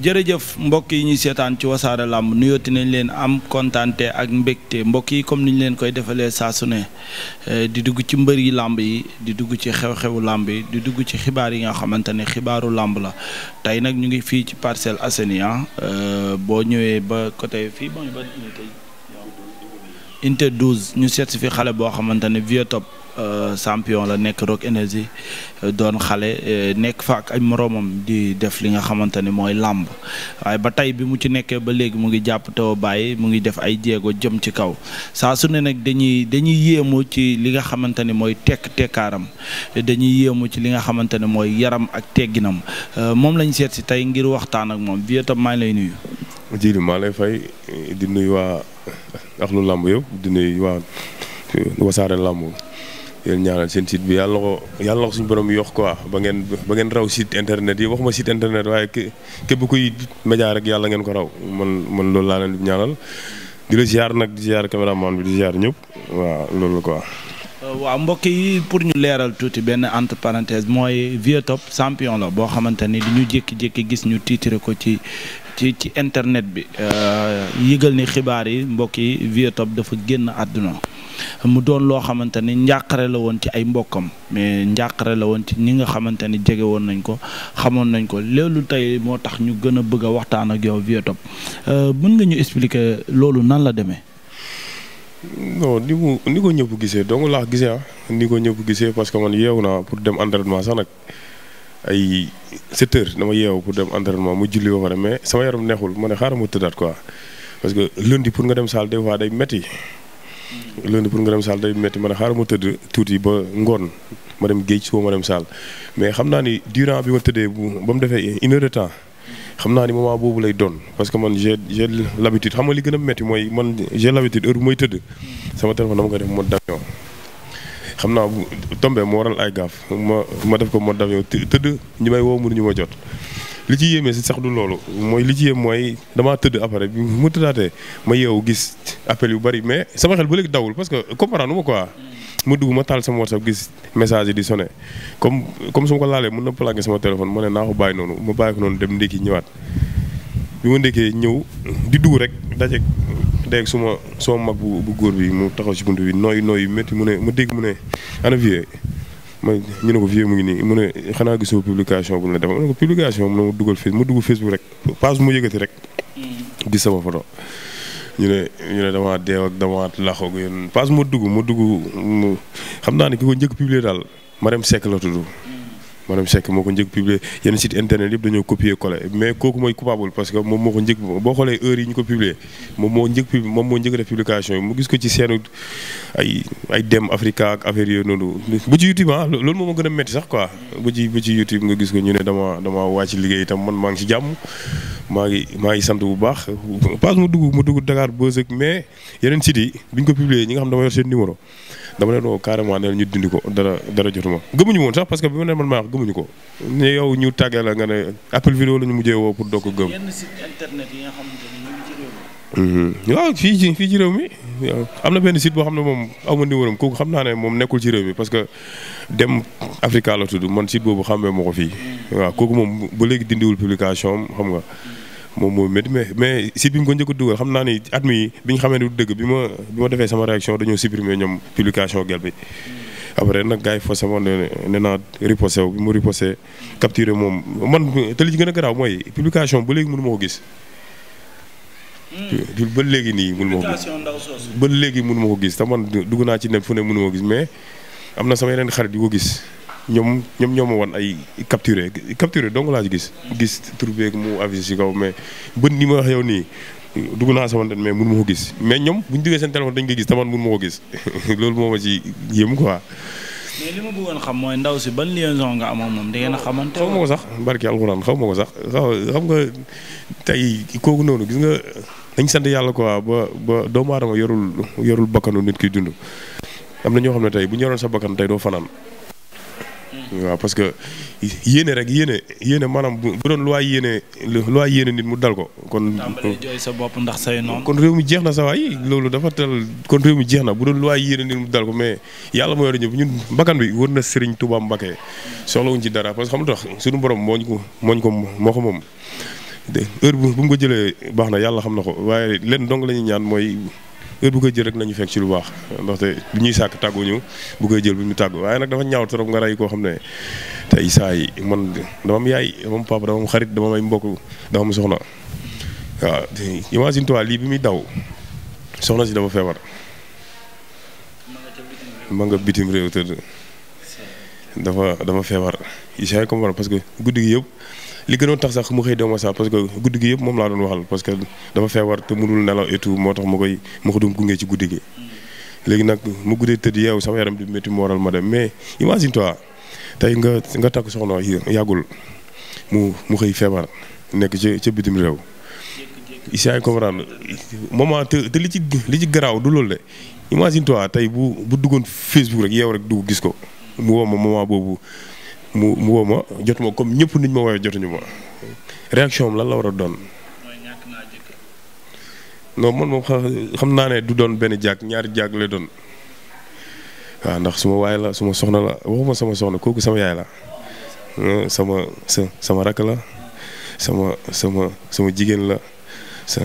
jërëjëf mbokk yi ñuy seetaan ci wasaare làmb nuyooti nañ leen am kontaante ak mbégte mbokk yi comme ni leen koy defalee saa su ne eh, di dugg ci mbër yi làmb yi di dugg ci xew-xewu làmb yi di dugg ci xibaar yi nga xamante ne xibaaru làmb la tey nag ñu ngi fii ci Parcelles Assainies ah, eh, boo ñëwee ba côté fii ba unité ñu seet fi xale boo xamante ne vieux Euh, champion la nekk Rock Énergie euh, doon xale euh, nekk fa ak ay moroomam di def li nga xamante ni mooy làmb waaye ba tey bi mu ci nekkee ba léegi mu ngi jàpp taw bàyyi mu ngi def ay jéego jëm ci kaw saa su ne nag dañuy dañuy yéemu ci li nga xamante ni mooy tekk tekkaaram dañuy yéemu ci li nga xamante ne mooy yaram ak tegginam moom lañ seet si tey ngir waxtaan ak moom Vieux Top maa lay nuyu. Djily maa lay fay di nuyu waa Akhlu Lamb yëpp di nuyu waa Wassare Lamb yéen ñaanal seen site bi yàlla na ko yàlla na ko suñu borom yokk quoi ba ngeen ba ngeen raw site internet yi waxuma site internet waaye képp kuy média rek yàlla ngeen ko raw man man loolu laa leen di ñaanal di la ziar nag di ziar caméraman bi di ziar ñëpp waaw loolu quoi. Euh, waaw mbokk yi pour ñu leeral tuuti benn entre mooy Vieux sampion champion la boo xamante ni di ñu jékki-jékki gis ñu tiitre ko ci ci ci internet bi euh, yëgal ni xibaar yi mbokk yi Vieux dafa génn àdduna. mu doon loo xamante ni njàqare la woon ci ay mbokkam mais njàqare la woon ci ni nga xamante ni jege woon nañ ko xamoon nañ ko loolu tey moo tax ñu gën a bëgg a waxtaan ak yow Vieux Top euh, mën nga ñu expliquer loolu nan la demee. non ni mu ni ko ñëpp gisee dong laa gisee ah ni ko ñëpp gisee parce que man yeewu naa pour dem entraînement sax nag ay 7 heures dama yeewu pour dem entraînement mu julli ba pare mais sama yaram neexul ma ne xaaral ma tëddaat quoi parce que lundi pour nga dem salle des fois day metti lundi pour nga dem saal day metti ma ne xaaral ma tëdd tuuti ba ngoon ma dem géej suba ma dem saal mais xam naa ni durant bi ma tëddee bu ba mu defee une heure xam naa ni moment boobu lay doon parce que man j'ai j'ai l'habitude xam ma li gën a métti mooy man j'ai l'habitude heure bu may tëdd sama téléphone dama koy def mode d'avion xam naa bu tombé moo waral ay gaaf ma ma def ko mode d'avion tëdd ñi may woo ñu ma jot li ci yéeme si sax du loolu mooy li ci yéem mooy damaa tëdd après bi mu tëddaatee ma yeewu gis appel yu bari mais sama xel ba léegi dawul parce que nu ma quoi. ma dugg ma taal sama WhatsApp gis message yi di sonné comme comme su ko laalee mun na plaqué sama téléphone ma ne naa ko bàyyi noonu ma bàyyi ko noonu dem ndékki ñëwaat bi ma ndékkee ñëw di dugg rek daje dégg suma suma mag bu bu góor bi mu taxaw si bunt bi nooy nooy métti mu ne ma dégg mu ne ma ñu ne ko vieux mu ngi nii mu ne xanaa gisoo publication bu la defal ma ne ko publication mu ne ma dugal Facebook ma dugg Facebook rek page bu ma yëgati rek. Mm. gis sama photo. ñu ne ñu ne damaa deew ak damaa laxoo ak yéen mu dugg mu dugg xam naa ne ki ko njëkk publier daal Marème Seck la tudd. maanaam Seck moo ko njëkk publier yenn site internet yëpp dañoo copier coller mais kooku mooy coupable parce que moom moo ko njëkk boo xoolee heures yi ñu ko publier moom moo bu ci ah, gën a métti sax quoi bu ci bu ci YouTube nga gis ko ñu ne dama dama wàcc liggéey itam man maa ngi si jàmm maa ngi sant bu baax pas ma dugg ma dugg Dakar Buzz mais yeneen sites yi ko publier ñi nga xam dama yor seen numéro dama leen woo carrément ne ñu dindi ko dara dara jotuma gëmuñu gëmuñu ko ne yow ñu tàggee la nga ne Apple vidéo la ñu mujjee woo pour doo ko mm-hmm. waaw fii ci fii ci réew mi am na benn site boo xam ne moom aw ma xam naa ne moom nekkul ci réew mi parce que dem Africa la tudd man site boobu xamee ma ko fii. Mm. waaw kooku moom ba dindiwul publication xam nga moom moo métti mais mais site bi ko njëkk a dugal xam naa ni at mi biñ xamee ne du dëgg bi ma defee sama réaction dañoo supprimer ñoom publication gel bi. Mm. après nag gars yi fas yéene ne nee naa riposé bi mu riposé capturé moom man te li ci a garaaw mooy publication ba léegi mënu ma ko gis. Hmm. ba léegi nii mënu ma léegi mënu ko gis te man dugg naa ci ne fu ne mënu ma ko gis mais am na sama yeneen xarit yu ko gis ñoom ñoom ñoo ma wan ay capturé capturé dong laa ci gis. Hmm. gis tur beeg mu avisé si kaw mais bët ni ma wax yow nii dugg naa sama net mais mënu ma ko gis mais ñoom bu ñu duggee seen téléphone dañ koy gis te man mënu ko gis loolu moo ma ci ko quoi. mais li ma bëggoon xam mooy ndaw si ban liaison nga amoon moom da ngeen a xamante xaw ma ko sax barki alxuraan xaw ma ko sax xam nga tey kooku noonu gis nga dañ sant yàlla quoi ba ba doomu aadama yorul yorul bakkanu nit ki dund. am na ñoo xam ne tey bu ñu sa bakkan tey doo fanaan waaw parce que yéene rek yéene yéene maanaam bu doon lu waay yéene lu waay yéene nit mu dal ko kon. tàmbalee jooy sa bopp ndax say noonu. kon réew mi jeex na sa waay loolu dafa tal kon réew mi jeex na bu doon lu waay yéene nit mu dal ko mais yàlla mooy yor ñëpp ñun mbakan bi wër na Serigne Touba Mbacké soxlawuñ ci dara parce que xam nga tax suñu borom mooñ ko mooñ ko moo ko moom. heure bu bu mu ko jëlee baax na yàlla xam na ko waaye lenn dong la ñuy ñaan mooy. heure bu koy jël rek nañu fekk ci lu baax ndoxte bi ñuy sàkk tàgguñu bu koy jël bu ñu tàggu waaye nag dafa ñaaw trop nga ray koo xam ne te saa yi man dama am yaay dama am papa dama am xarit dama am mbokk dama am soxna waaw imagine toi lii bi muy daw soxna si dafa feebar. ma nga bitim réew tëdd dafa dafa feebar yi saa yi parce que guddi gi yëpp. li gënoon tax sax mu xëy dem sax parce que guddi gi yëpp moom laa doon waxal parce que dafa feebar te mënul nelaw et tout moo tax ma koy ma ko doon gunge ci guddi gi. léegi nag mu guddee tëdd yeewu sama yaram di métti mu waral ma dem mais imagine toit tey nga nga takk soxna yàggul mu mu feebar nekk ca ca bitim réew. yaa ngi comprendre moment li ci li ci garaaw du loolu de imagine tey bu bu duggoon Facebook rek yeew rek dugg gis ko mu woo ma boobu. mu mu ma jotuma comme ñëpp niñ ma woowee jotuñu ma réaction am lan la war a doon. non man moom xam naa ne du doon benn jàkk ñaari jàkk lay doon waaw ndax su ma waaye la suma soxna la waxuma sama soxna kooku sama yaay la euh, sama sa sama rakk la sama sama sama jigéen la sa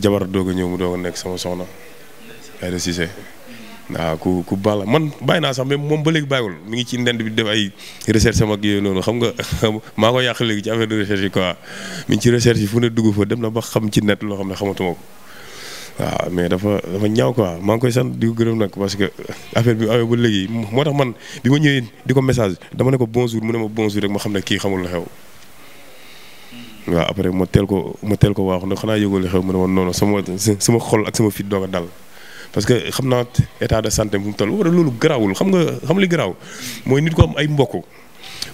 jabar doog ñëw mu doog a nekk sama soxna Aïda Cissé waaw ku ku baax la man bàyyi naa sax mais moom ba léegi bàyyiwul mi ngi ci ndend bi def ay recherche sama ak noonu xam nga maa ko yàq léegi ci affaire de ci recherche yi fu ne dugg dem na ba xam ci net loo xam ne xamatuma ko waaw mais dafa dafa ñaaw quoi maa ngi koy sant di ko gërëm nag parce que affaire bi awee ba moo tax man bi ma ñëwee di ko message dama ne ko bonjour mu ne ma bonjour rek ma xam ne kii xamul la xew. waaw après ma teel ko ma teel ko waaxu nag xanaa yëgoo li xew mu ne ma noonu sama sama xol ak sama fit doog a dal. parce que xam naa état de santé bu mu toll wala loolu garaawul xam nga xam li garaaw mooy nit ko am ay mbokk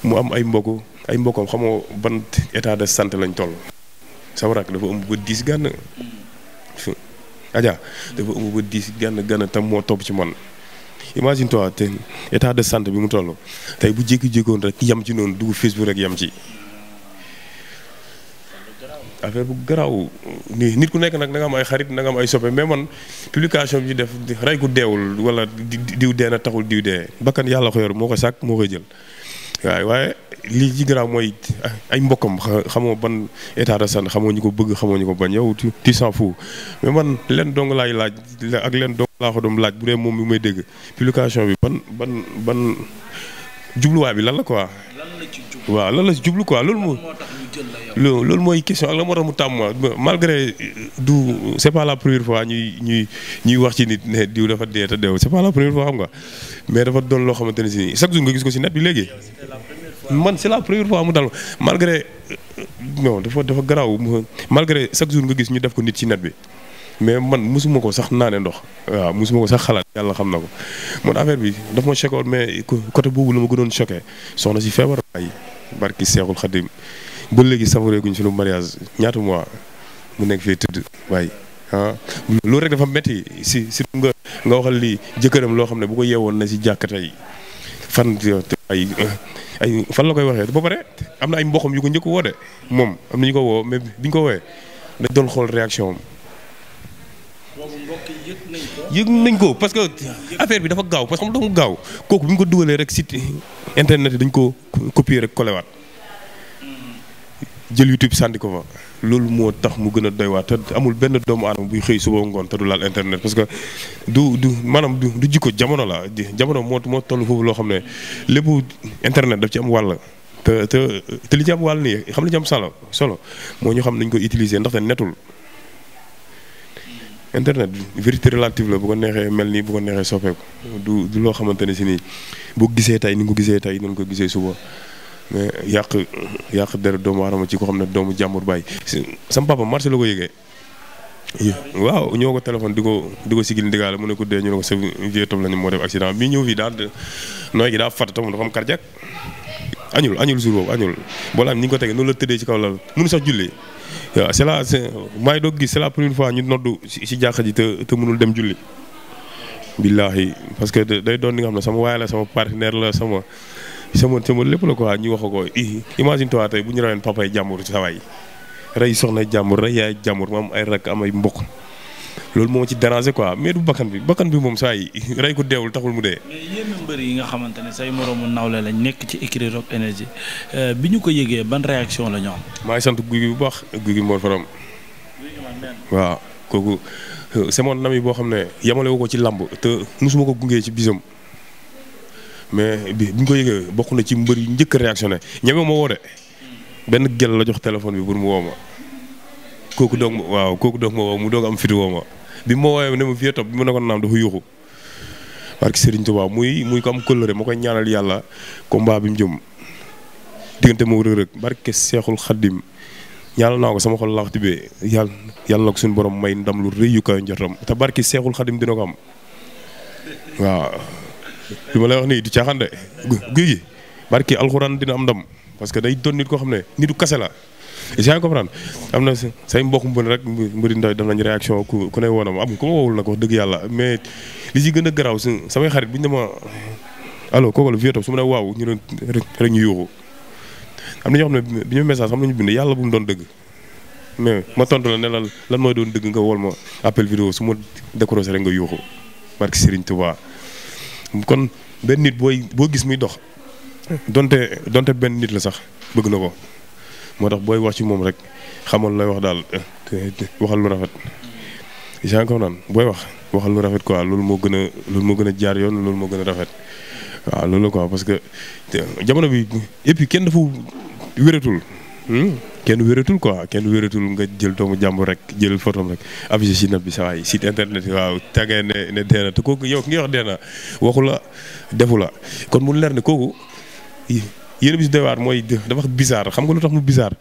mu am ay mbokk ay mbokkam xamoo ban état de santé lañ toll. Sabarack dafa ëmb ba diis gànn. Adja dafa ëmb ba diis gànn tam moo topp ci man. imagine toi te état de santé bi mu toll tey bu jékki-jékkoon rek yam ci noonu dugg Facebook rek yam ci. affaire bu garaaw nii nit ku nekk nag na nga ay xarit na am ay soppe mais man publication bi ñu def rey ku deewul wala diw dee na taxul diw dee bakkan yàlla ko yor moo ko sàkk moo koy jël. waaye lii ji garaaw mooy ay mbokkam xamoo ban état de san xamoo ñu ko bëgg xamoo ñu ko bañ yow tu s'en fous mais man leen dong laay laaj ak leen dong laa ko doon laaj bu dee moom mi may dégg publication bi ban ban ban jubluwaay bi lan la quoi. lan la ci jublu waaw la jublu quoi moo. loolu mooy question ak la moo tax mu tàmm malgré du c' est pas la première fois ñuy ñuy ñuy wax ci nit ne diw dafa dee te deew c' est pas la première fois xam nga mais dafa doon loo xamante ne si nii chaque gis ko si net bi léegi. man c' est la première fois mu dal malgré euh, non dafa dafa garaaw malgré chaque jour nga gis ñu def ko nit ci net bi. mais man musuma ko sax naane ndox waaw musuma ko sax xalaat yàlla xam na ko man affaire bi daf ma choqué woon mais côté boobu la ma gënoon choqué soxna si feebar ay barki Seexul Xadim ba léegi savouré guñ sunu mariage ñaata mois mu nekk fii tëdd waaye ah loolu rek dafa metti si si nga nga waxal li jëkkëram loo xam ne bu ko yeewoon na si jàkkata yi fan ay ay fan la koy waxee ba pare am na ay mboxam yu ko njëkk woo de moom am na ñu ko woo mais bi ñu ko woowee dañ doon xool réaction am. yëg nañ ko parce que affaire bi dafa gaaw parce que mu dafa gaaw kooku bu ñu ko dugalee rek site internet yi dañ ko copier rek kolewaat. jël YouTube sànni ko fa loolu moo tax mu gën a doy waat te amul benn doomu aadama buy xëy suba ngoon te du laal internet parce que du du maanaam du du jikko jamono la jamono moo moo toll foofu loo xam ne lépp internet daf ci am wàll. te te te li ci am wàll nii xam li ci am solo solo moo ñu xam nañ ko utiliser ndaxte netul internet vérité relative la bu ko neexee mel nii bu ko neexee soppeeku du du loo xamante ne si nii boo gisee tey ni nga ko gisee tey ni nga ko gisee suba. mais yàq yàq der doomu aadama ci ko xam ne doomu jàmbur bàyyi sam papa marché la ko yëgee. waaw ñoo ko téléphone di ko di ko sigil ndigaale mu ne ko dee ñu ne ko sa vieux Tom lañu moo def accident daal nooy gi daa fàtte tam dafa am cardiaque añul añul jour boolaam ñi ngi ko tege noonu la tëddee ci kaw la mënu sax julli waaw c'est la c'est doo ngi gis c'est la première fois ñu noddu si si jàkka ji te te mënul dem julli billaahi parce que day doon li nga xam ne sama waay la sama partenaire la sama sama sama lépp la quoi ñu wax ko i imagine toi tey bu ñu raween papay jàmbur sa waay rey soxna jàmbur rey yaay jàmbur ma am ay rakk am ay mbokk loolu moo ci déranger quoi mais du bakkan bi bakkan bi moom saa yi rey ko deewul taxul mu dee. mais yi nga xamante ne say moromu nawle lañ nekk ci écurie Rock Énergie euh, bi ñu ko yëgee ban réaction la ñu sant guy gi bu baax guy gi moo faram. waaw kooku euh, c'est nam yi boo xam ne yamalewu ko ci làmb te musuma ko gungee ci bisam. mais bi ñu ko yëgee bokk na ci mbër yu njëkk a réactionné ñeme ma woo de benn gel la jox téléphone bi pour mu woo ma kooku doog ma waaw kooku doog ma woo mu doog am fitu woo ma bi ma woowee ne ma vie top bi ma ne ko naam dafa yuuxu barke Serigne Touba muy muy ko am kóllëre ma koy ñaanal yàlla combat bi mu jëm diggante moo rëg rëg barke Seexul Xaddim ñaanal naa ko sama xol laax tibee yàlla yàlla na ko suñu borom may ndam lu rëy yu kaw njortam te barke Seexul Xaddim dina ko am waaw. li ma lay wax nii du caaxaan de guy gi barki alxuraan dina am ndam parce que day doon nit koo xam ne du kase la. yaa ngi comprendre am na say mbokk mbën rek mbëri ndaw def nañ réaction ku ku ne woonam am ku ma wowul dëgg yàlla mais li ci gën a garaaw si samay xarit bu ñu dema allo la Vieux su ma ne waaw ñu ñu yuuxu am na ñoo xam ne ñu message am nañu bind yàlla bu mu doon dëgg mais ma tontu la lan mooy doon dëgg nga wol ma appel vidéo su ma décroché rek nga yuuxu barki Serigne Touba kon benn nit booy boo gis muy dox donte donte benn nit la sax bëgg na ko moo tax booy wax ci moom rek xamal lay wax daal waxal lu rafet. yaa ngi naan booy wax waxal lu rafet quoi loolu moo gën a loolu moo gën a jaar yoon loolu moo gën a rafet waaw loolu la quoi parce que jamono bi et kenn dafa wératul. Hmm? kenn wératul quoi kenn wératul nga jël doomu jàmbur rek jël photom rek affiché si nab bi sa waay site internet yi waaw tàggee ne ne dee na te kooku yow ki nga wax dee na waxu la defu kon mu leer ne kooku yéen bis doy mooy dafa wax bizarre xam nga lu tax mu bizarre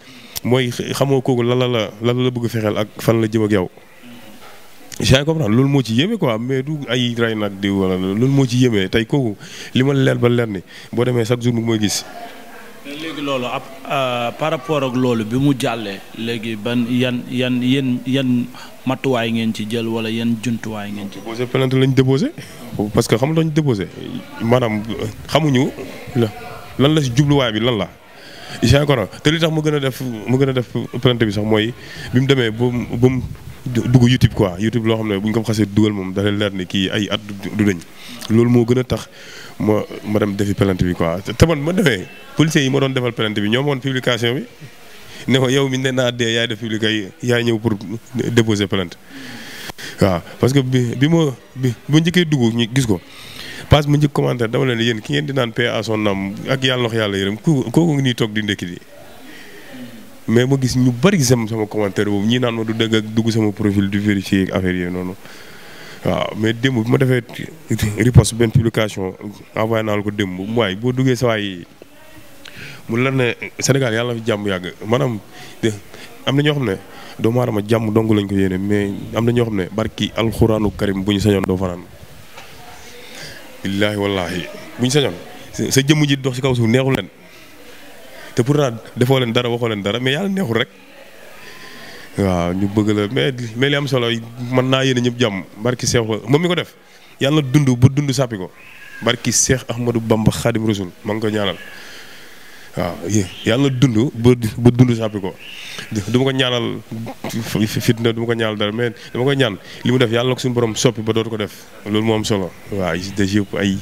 mooy xamoo kooku lan la la lan la bëgg fexeel ak fan la jëm ak yow. yaa comprendre loolu moo ci yéeme quoi mais du ay ray nag di wala loolu moo ci yéeme tey kooku li ma leer ba leer ni boo demee chaque jour mu mooy gis. léegi loolu ab euh, par rapport ak loolu bi mu jàllee léegi ban yan yan yan yan matuwaay ngeen ci jël wala yan jumtuwaay ngeen ci. déposé plainte lañ déposé parce que xam lañ déposé maanaam xamuñu lan la si jubluwaay bi lan la. Issa Kora te li tax mu gën a def mu gën a def plainte bi sax mooy bi mu demee ba mu dugg YouTube quoi YouTube loo xam ne bu ñu ko xasee dugal moom da leen leer ne kii ay at du dañ loolu moo gën a tax ma ma dem defi plainte bi quoi te man ma defee policiers yi ma doon defal plainte bi ñoo woon publication bi ne ko yow mi ne naa dee yaay def publication yaay ñëw pour déposer plainte waaw parce que bi bi ma bi ma njëkkee dugg ñu gis ko passe ma njëkk commentaire dama leen yéen ki ngeen di naan paix à son âme ak yàlla nox yàlla yërëm ku kooku ngi nii toog di ndekki di mais ma gis ñu bëri sem sama commentaire boobu ñii naan ma du dëgg ak dugg sama profil du vérifier ak affaire yooyu noonu waaw mais démb ma defee riposte benn publication envoyé naa la ko démb waaye boo duggee sa mu la ne Sénégal yàlla na fi jàmm yàgg maanaam am na ñoo xam ne doomu aadama jàmm dong lañ ko yéene mais am na ñoo xam ne barki alxuraanu karim bu ñu sañoon doo fanaan billaahi wallaahi bu sañoon sa jëmm ji dox ci kaw suuf neexul leen te pourtant defoo leen dara waxoo leen dara mais yàlla neexul rek waaw ñu bëgg la mais mais li am solo man naa yéene ñëpp jàmm barki seex ko moom mi ko def yàlla dund ba dund sàppi ko barki seex Ahmadou Bamba Xaadim Rasul maa ngi ko ñaanal waaw yàlla dund ba ba dund sàppi ko du ma ko ñaanal fitna du ko ñaanal dara mais dama koy ñaan li mu def yàlla ko suñu borom soppi ba dootu ko def loolu moo am solo waaw de yëpp ay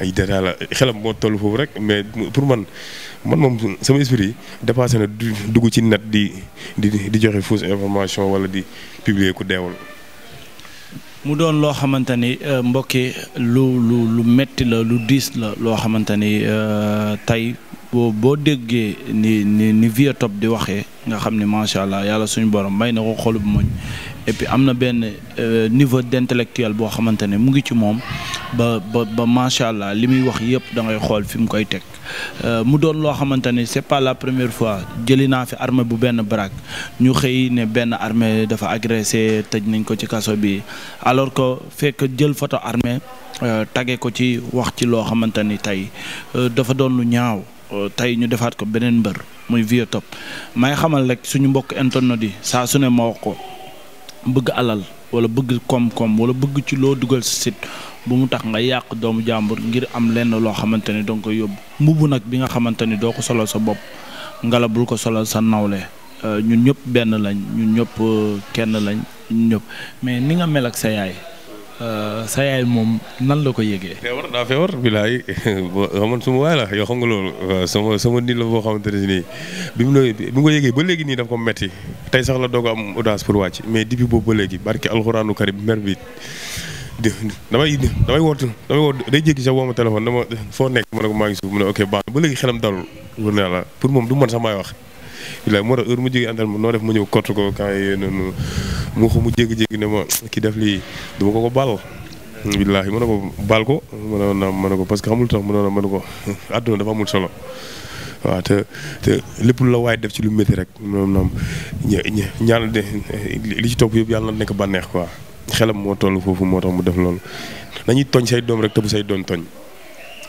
ay détails xelam moo toll foofu rek mais pour man man moom sama esprit dépassé na dugg ci net di di di joxe fausse information wala di publier ku deewul. mu doon loo xamante ni euh, mbokki lu lu lu metti la lu diis la loo xamante ni euh, tey boo boo déggee ni ni ni Vieux Top di waxee nga xam ni macha allah yàlla suñu borom may na ko xolub muñ et am na benn euh, niveau d'intellectuel boo xamante ne mu ngi ci moom. ba ba ba macha allah li muy wax yëpp da xool fi mu koy teg euh, mu doon loo xamante ne c'est pas la première fois jëli naa fi armée bu benn baraak ñu xëy ne benn armée dafa agressé tëj nañ ko ci kaso bi alors que fekk jël photo armée euh, tagge ko ci wax ci loo xamante ni tey euh, dafa doon lu ñaaw tey ñu defaat ko beneen mbër muy vieux top may xamal rek suñu mbokk internet yi saa su ne ma wax ko bëgg alal wala bëgg koom-koom wala bëgg ci loo dugal si site bu mu tax nga yàq doomu jàmbur ngir am lenn loo xamante ni danga koy yóbbu mbubb nag bi nga xamante ni doo ko solal sa bopp ngala bul ko solal sa nawle euh, ñun ñëpp benn lañ ñun ñëpp euh, kenn lañ ñun ñëpp mais ni nga mel ak sa yaay euh, sa yaay moom nan la ko yëgee. feebar daa feebar bilaay man suma waay la yoo xam nga loolu sama sama nit la boo xamante ne nii bi mu bi ko yëgee ba léegi nii daf ko metti tey sax la doog am audace pour wàcc mais depuis boobu ba léegi barki alxuraanu karim mer bi damay damay woote damay woote day jékki sax woo ma téléphone dama foo nekk ma maa ngi mu ne ok baax ba léegi xelam dalul wër na yàlla pour moom du man sax maay wax bilaay moo tax mu jógee àndal ma noo def ma ñëw kott ko quand yooyu noonu mu mu jékki-jékki ne ma ki def lii duma ko ko ball billaahi mën na ko baal ko mënoon na ko parce que xamul tax mënoon na mën na ko àdduna dafa amul solo waaw lépp lu la waaye def ci lu métti rek mënoon na li ci topp yëpp yàlla na nekk bànneex quoi xelam moo toll foofu moo tax mu def loolu nañuy tooñ say doom rek te say doon tooñ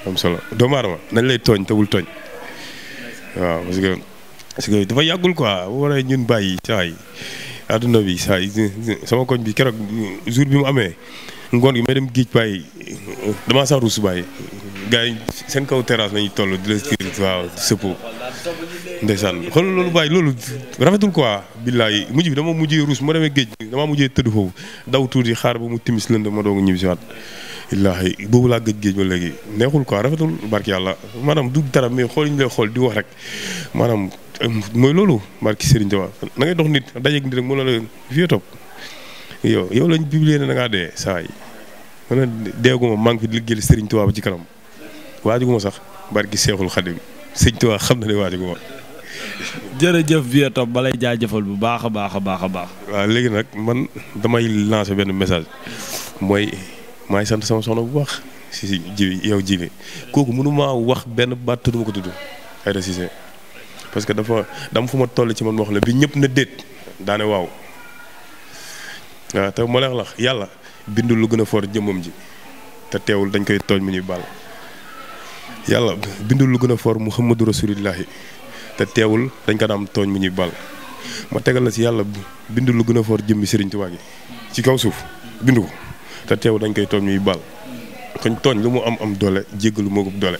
am solo doomu aadama nañ lay tooñ te bul tooñ waaw parce que parce que dafa yàggul quoi bu waree ñun bàyyi saa yi àdduna bi saa yi sama koñ bi keroog jour bi mu amee ngoon gi may dem géej bàyyi damaa sax ruus bàyyi gars yi seen kaw terrasse nañu toll di la tiir waaw sëpp ndeysaan xool loolu bàyyi loolu rafetul quoi billaay mujj bi dama mujjee ruus ma demee géej damaa mujjee tëdd foofu daw tuuti xaar mu timis lënd ma doog a ñibbi si waat illaahi boobu géej ba léegi neexul quoi rafetul barki yàlla maanaam du dara mais xool ñu lay xool di wax rek maanaam mooy loolu barki Serigne Thiaw na ngay dox nit dajeeg nit rek mën na la fii topp yow yow lañ publier ne da dee saa yi man deeguma maa ngi di liggéeyal Serigne Touba ba ci kanam. waajuguma sax barki seexul xadim sëñ waa xam na ne waajuguma jërëjëf Vieux Top balay jaajëfal bu baax a baax a baax a baax. waaw léegi nag man damay lancer benn message mooy maay sant sama soxna bu baax si si ji yow ji kooku mënuma wax benn baat tudd ma ko tudd Aïda Cissé parce que dafa dam fu ma toll ci man wax la bi ñëpp na déet daane waaw waaw te ma leex la yàlla bindul lu gën a fort jëmmam ji te teewul dañ koy tooñ mu ñuy bàll. yàlla bindul lu gën a for Muhammadu Rasulillahi te teewul dañ ko daan tooñ mu ñuy bal ma tegal la si yàlla bindul lu gën a for jëmmi Serigne Touba gi ci kaw suuf bindu ko te teewul dañ koy tooñ ñuy bal kon tooñ lu mu am am doole jéggalu moo ko doole.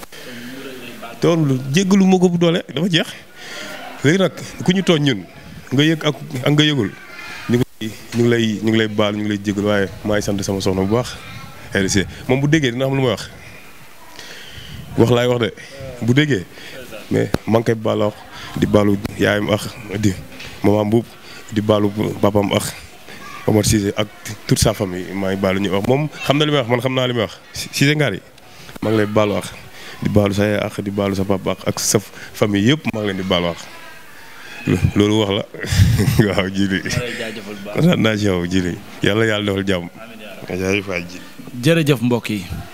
tooñ lu jéggalu moo bu doole dafa jeex léegi nag ku ñu tooñ ñun nga yëg ak ak nga yëgul ñu ngi ñu ngi lay ñu ngi lay baal ñu ngi lay jéggalu waaye may sant sama soxna bu baax. RC moom bu déggee dina xam lu may wax. wax laay wax de bu déggee mais maa ngi koy baalu di baalu yaayam ak di maman buub di baalu papaam ak Omar Cissé ak toute sa famille maa ngi baalu wax moom xam na li may wax man xam naa li may wax Cissé Ngari maa ngi lay baalu wax di baalu sa yaay ak di baalu sa papa ak sa famille yëpp maa leen di baalu wax loolu wax la waaw ji li naa ci yow ji yàlla yàlla defal jàmm jaajëf waay ji mbokk yi